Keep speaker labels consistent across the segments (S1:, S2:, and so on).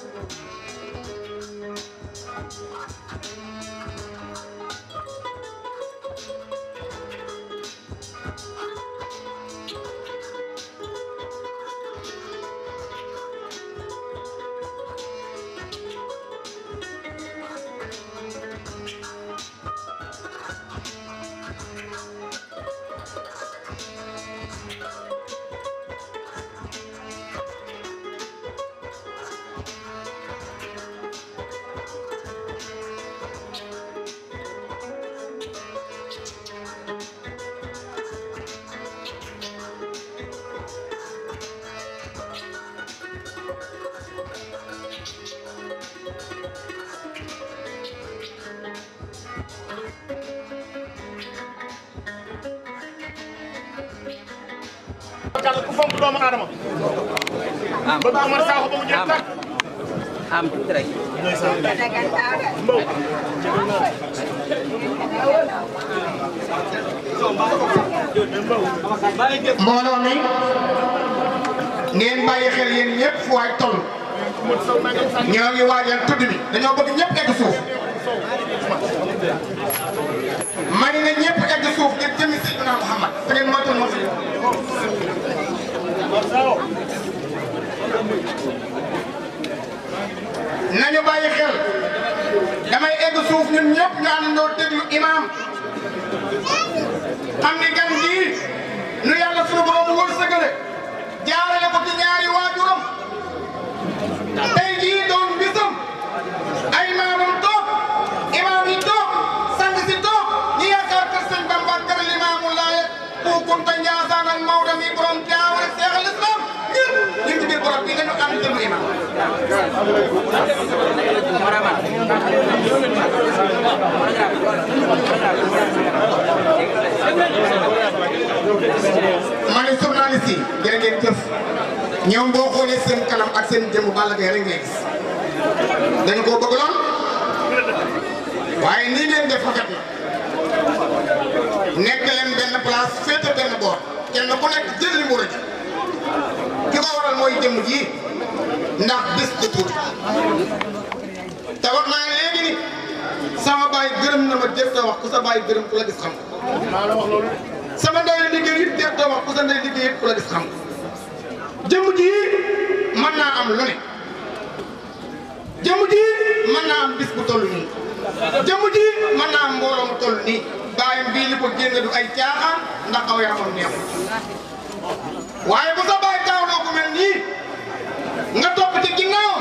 S1: Thank you. yàlla ku fonk doomu aadama. am bëgg Omar Sakho ba mu jeex am tuuti rek. Mbow. mbooloo mi ngeen bàyyi xel yéen ñëpp fu waay toll. ñoo ngi waajal tudd bi dañoo bëgg ñëpp egg suuf. ma ne na ñëpp egg suuf ngir jëmi Seydina Muhammad su ngeen moytuwul moo fi nañu bàyyi xel damay egg suuf ñun ñëpp ñu àndandoo déglu imaam xam ne gan borom te Ndiassane ak Maodo mi ak Seex al yi jërë ngeen ñoom boo xoolee seen kanam ak seen jëmm Balla Gaye rek ngay gis dañu koo bëgg waaye nii ngeen def rafet na nekk leen benn place féete benn boor kenn ku nekk jël li mu rëcc ki ko waral mooy jëm ji ndax bis du tuuti te wax naa ne léegi ni sama baay gërëm na ma jëf ta wax ku sa baay gërëm ku la gis xam sama ndey liggéey mën naa am lu ne jëm ji mën naa am bis bu toll nii jëm ji mën naa am mbooloo mu toll nii bàyyam bii li ko génne du ay caaxaan ndax aw yaramam neexul waaye bu sa bàyyi taaw mel nii nga topp ci ginnaaw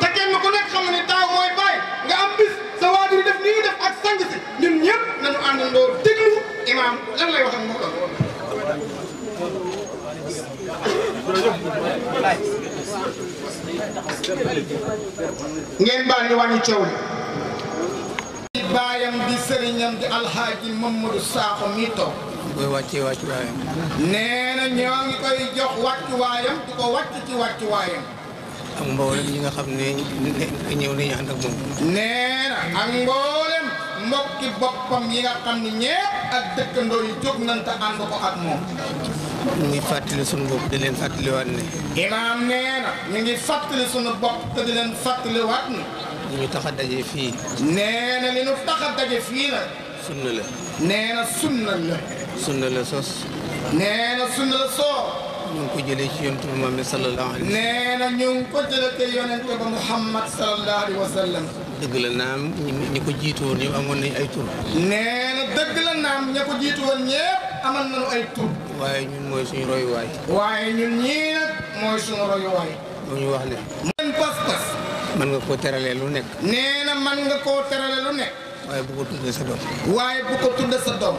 S1: te kenn ku nekk xam ne mooy bàyyi nga am bis sa def nii def ak sang si ñun ñëpp nañu àndandoo déglu imaam lan wax ak ngeen baal ñu wàññi coow li baayam di sëriñam di alxaaji Mamadou Sakho mi toog koy wàccee wàccu waayam nee na ñoo ngi koy jox wàccu waayam di ko wàcc ci wàccu waayam
S2: ak mboolem ñi nga xam ne ñëw nañu ànd ak moom
S1: nee na ak mboolem mbokki boppam yi nga xam ne ñépp ak dëkkandoo yi jóg nañ ànd ko ak moom ñu ngi
S2: fàttali sunu bopp di leen fàttaliwaat ne.
S1: imaam nee na ñu ngi fàttali sunu bopp te di leen fàttaliwaat ne. li ñu tax a daje fii. nee na li ñu tax daje fii la. la. na sunna la. sunna la sos. nee ñu ko jëlee ci yonent bi Muhammad sallallahu alayhi wa sallam. nee na ñu ngi ko jëlee ci yonent ba Muhammad sallallahu alayhi wa sallam.
S2: dëgg la naam ñi ko jiitu woon ñëpp amoon nañ ay tur.
S1: nee dëgg la naam ña ko jiitu woon ñëpp. amal nañu ay tur.
S2: waaye ñun mooy suñu royuwaay.
S1: waaye ñun ñii nag mooy suñu royuwaay. moo ñu wax ne. mën pas
S2: nga koo teralee lu nekk.
S1: nee na mën nga koo teralee lu nekk.
S2: waaye bu ko tuddee sa doom. waaye bu sa doom.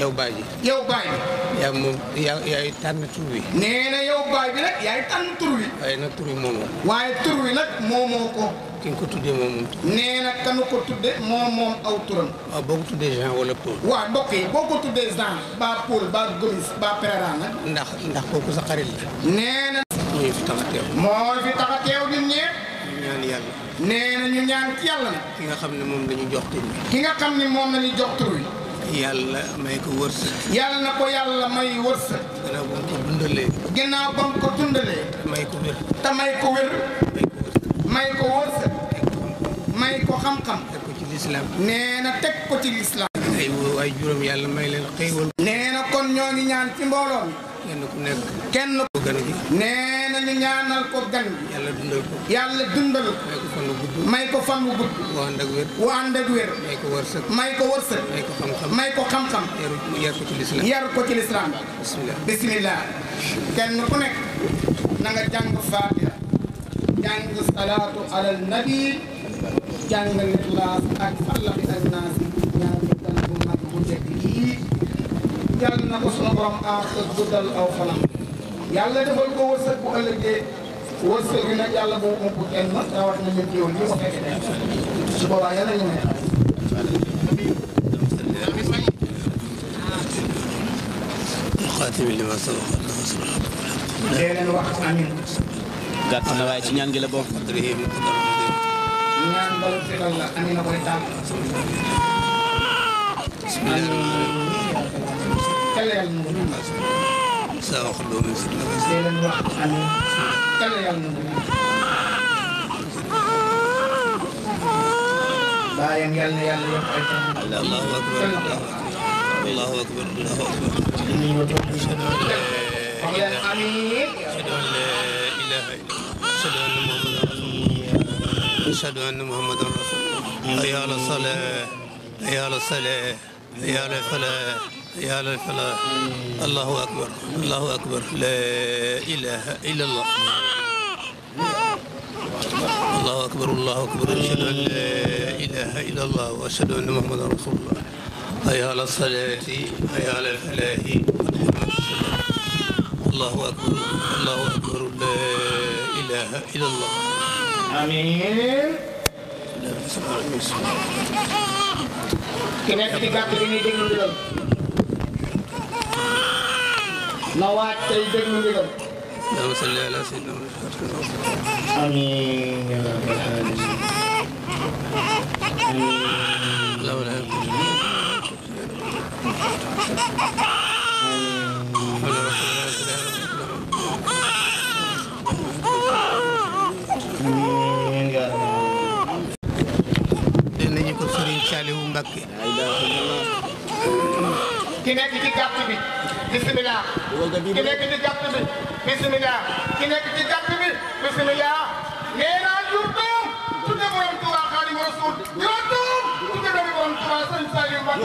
S2: yow baay bi. yow baay bi. yaa moom yaa yaay tànn tur wi. nee
S1: na yow baay bi nag yaay tànn tur wi.
S2: waaye nag tur wi moomoo.
S1: waaye tur wi nag moomoo ko. ki nga ko tuddee moom. nee na ko tuddee moom moom aw turam. waaw ah, tuddee Jean wala Paul. waaw mbokk boo ko tuddee Jean ba Paul ba Gomis ba Pereira nag. ndax ndax kooku sa xarit na. ñoo moo a teew ñun na
S2: ki nga xam ni moom la ñu jox
S1: ki nga xam ne moom la ñu jox tur yàlla may ko wërsëg. yàlla na ko yàlla may wërsëg. gannaaw ba mu ko dundalee. gannaaw ko te may ko wér. may ko wërsëg may ko xam-xam teg ko ci lislaam nee na teg ko ci lislaam ay waay
S2: juróom yàlla may leen
S1: xéewal nee na kon ñoo ngi ñaan ci mbooloo mi kenn ku nekk kenn ko gan gi nee na ñu ñaanal ko gan gi yàlla dundal ko yàlla dundal ko may ko fan wu gudd may ko fan wu gudd wu ànd ak wér wu ànd ak wér may ko wërsëg may ko wërsëg may ko xam-xam may ko xam-xam yar ko ci lislaam yar ko ci lislaam bismillah bismillah kenn ku nekk na nga jàng faate jàng salaatu alal nabi jàng nixlaas ak fallaxi ak naas yi ñaar ñu dal bu mag bu njëkk yii jàng na ko sunu borom aar te guddal aw fanam yàlla defal ko wërsëg bu ëllëgee wërsëg bi nag yàlla boobu moom bu kenn rawat na ñëpp yow ñi ko fekke dee su boobaa yàlla ñu ne
S2: خاتم لما سبق الله
S1: سبحانه وتعالى.
S2: gàtt na waaye ci ñaan gi la bokk. ñaan boobu
S1: si loolu la andi na koy taal. yàlla na ko wax.
S2: saa wax loolu si la ko.
S1: dee leen wax amiin. yàlla na ko wax. bàyyi ngeen ne yàlla yokk ay taal. allahu akbar allahu akbar allahu akbar. ñu ngi ko toog di. amiin.
S2: ilaha illa ashhadu anna muhammadan rasulullah ashhadu anna muhammadan rasulullah hayya ala salah hayya ala salah hayya ala falah hayya ala falah allahu akbar allahu akbar la ilaha illa allah allahu akbar allahu akbar ashhadu an la ilaha illa allah wa ashhadu anna muhammadan rasulullah hayya ala salah hayya ala falah allahu akbar allahu akbar la ilaha illallah
S1: amiin ki nekk ci gàtt gi ñuy déglu ndigal na waaj tey déglu ndigal
S2: اللهم صل على سيدنا محمد امين يا رب العالمين امين اللهم لا
S1: Saliou Mbacké ki nekk ci gàtt bi bismillah ki nekk ci gàtt bi bismillah ki nekk ci gàtt bi bismillah nee naa jur doom tudde borom Tuuba Xaadimu Rasuul yoo doom tudde borom Tuuba Sëriñ Saliou Mbacké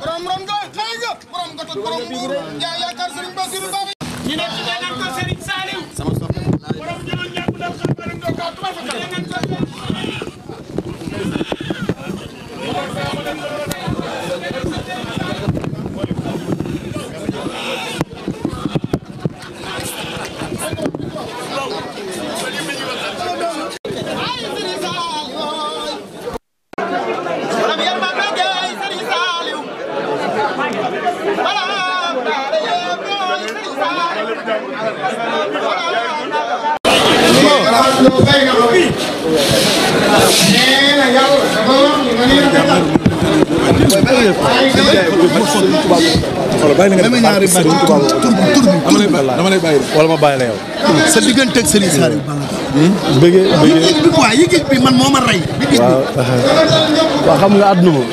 S1: borom rom nga xëy nga borom nga toog borom nguur yaa yaakaar Sëriñ Basiru Ba ñu nekk ci ko Sëriñ Saliou borom jëloon ñàkk dal xam borom nga ko tuba fa
S3: dama lay bàyyi wala waaw
S1: waaw
S3: xam nga àdduna moom.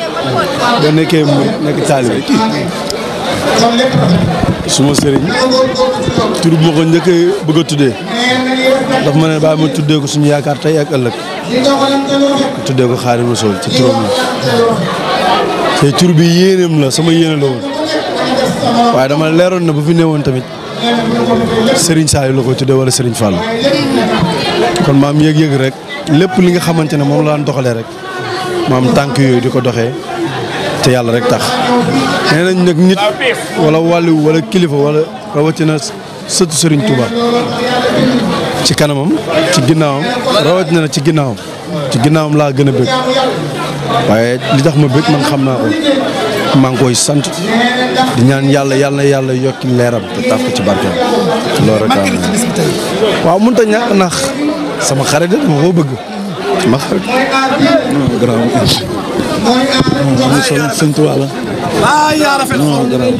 S3: boo nekkee mu nekk taalibe suma sëriñ tur bi ma ko njëkk bëgg tuddee daf ma ne baa ma tuddee suñu yaakaar tey ak ëllëg tuddee ko Xaadimu Rasuul ci turam la te tur bi la sama yéene la woon waaye dama leeroon na bu fi newoon tamit sëriñ Saliou la ko tuddee wala sëriñ Fall kon maam yëg-yëg rek lépp li nga xamante ne moom la daan doxalee rek maam tànk yooyu di ko doxee te yàlla rek tax nee nañ nag nit wala wàllu walla kilifa wala rawatina sëtu sëriñ Touba ci kanamam ci ginnaawam rawatina na ci ginnaawam ci ginnaawam laa gën a bëgg. waaye li tax ma bëgg man xam naa maa ngi koy sant di ñaan yàlla yàlla yàlla yokki leeram te taaf ko ci barkeem loolu rek waaw mënut a ñàkk ndax sama xarit de dama koo bëgg sama xarit hmm, garaaw sëñ sëñ Tuubaa la
S1: ah yaa rafet
S3: non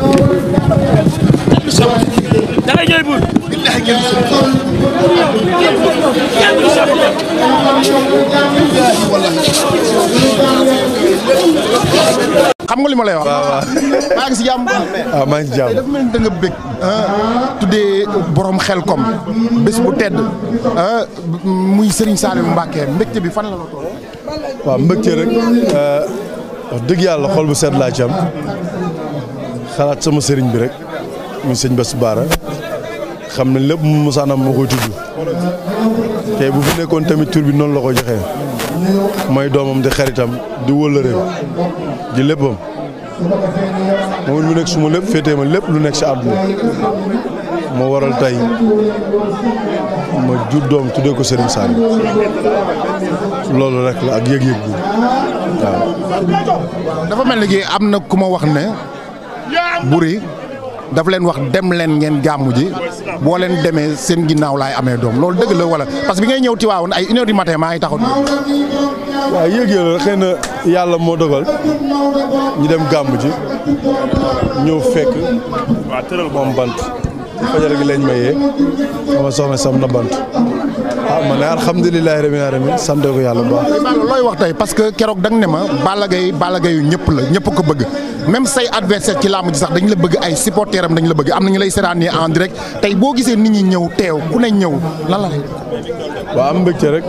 S3: li ma lay wax. maa ngi si jàmm. waaw maa ngi si jàmm. Ah, dafa mel ah, tuddee borom xel kom bés bu tedd ah, muy Serigne Saliou Mbacké mbégte bi fan la la toll. waaw mbégte rek wax dëgg yàlla xol bu sedd laa ci am xalaat sama sëriñ bi rek muy sëñ Bass Baara xam ne lépp mu musaanam moo koy tudd tey bu fi nekkoon tamit tur bi noonu la ko joxee mooy doomam di xaritam di wëllëreem di léppam. moom mu nekk suma lépp féetee ma lépp lu nekk si àdduna moo waral tey ma jur doom tuddee ko Serigne Saliou loolu rek la ak yëg-yëg bi waaw. dafa mel ni am na ku ma wax ne. Boury daf leen wax dem leen ngeen gàmmu ji boo leen demee seen ginnaaw laay amee doom loolu dëgg la wala parce que bi ngay ñëw Tiwaawoon ay une heure du matin maa ngi taxaw. waaw yëg-yëg la xëy yàlla moo dogal ñu dem gàmb ji ñëw fekk. waaw tëral moom bant. fajar gi lañ mayee sama soxna sam na bant ah ma ne alhamdulilah rabbil alamin sant ko yàlla bu baax. looy wax tey parce que keroog danga ne ma Balla Gaye Balla Gaye yu ñëpp la ñëpp ko bëgg. même say adversaire ci làmb ji sax dañu la bëgg ay supporter am dañ la bëgg am nañu lay seetaanee en rek tey boo gisee nit ñi ñëw teew ku ne ñëw lan la. waaw am mbégte rek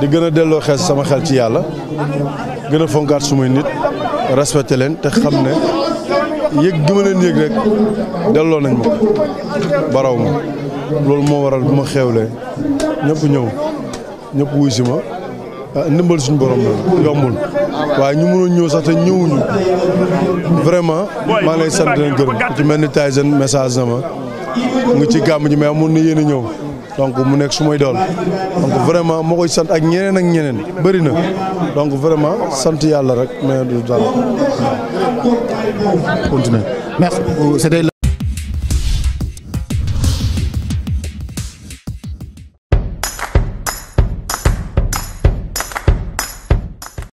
S3: di gën a delloo xel sama xel ci yàlla gën a fonkaat sumay nit respecté leen te xam ne yëg gi ma leen yëg rek delloo nañ ma ko baraw ma loolu moo waral bu ma xewlee ñëpp ñëw ñëpp wuy si ma ah, ndimbal suñu borom la yombul. waaye ñu mënoon ñëw sax te ñëwuñu vraiment maa ngi lay sant leen gërëm ku ci mel ni Tyson message na ma ngi ci gàmm ji mais amoon na yéen a ñëw donc mu nekk su may doon donc vraiment moo koy sant ak ñeneen ak ñeneen bëri na donc vraiment sant yàlla rek mais du dara continuer merci